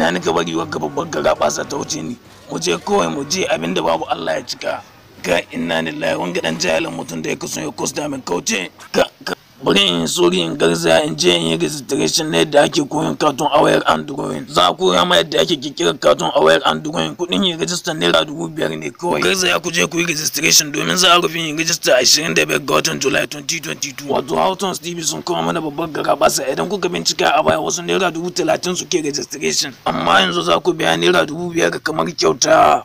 ina nika bari wa babban ka sa ta wuce ni mu je kawai mu je abinda babu Allah ya cika ga inna lillahi wanga dan jahilin mutum da ya kusa ya kusa min kauce ka bari in so in garzaya in je in yi registration na yadda ake koyon katon awayar and android za ku rama yadda ake kikirar katon a and drawing, kuɗin yin rajistar naira dubu biyar ne kawai garzaya ku je ku yi registration domin za a rufe yin rajista ashirin da biyar ga watan july 2022 wato houghton steve sun kuma mana babbar garabasa idan kuka bincika a baya wasu naira dubu talatin suke registration amma yanzu za ku biya naira dubu biyar kamar kyauta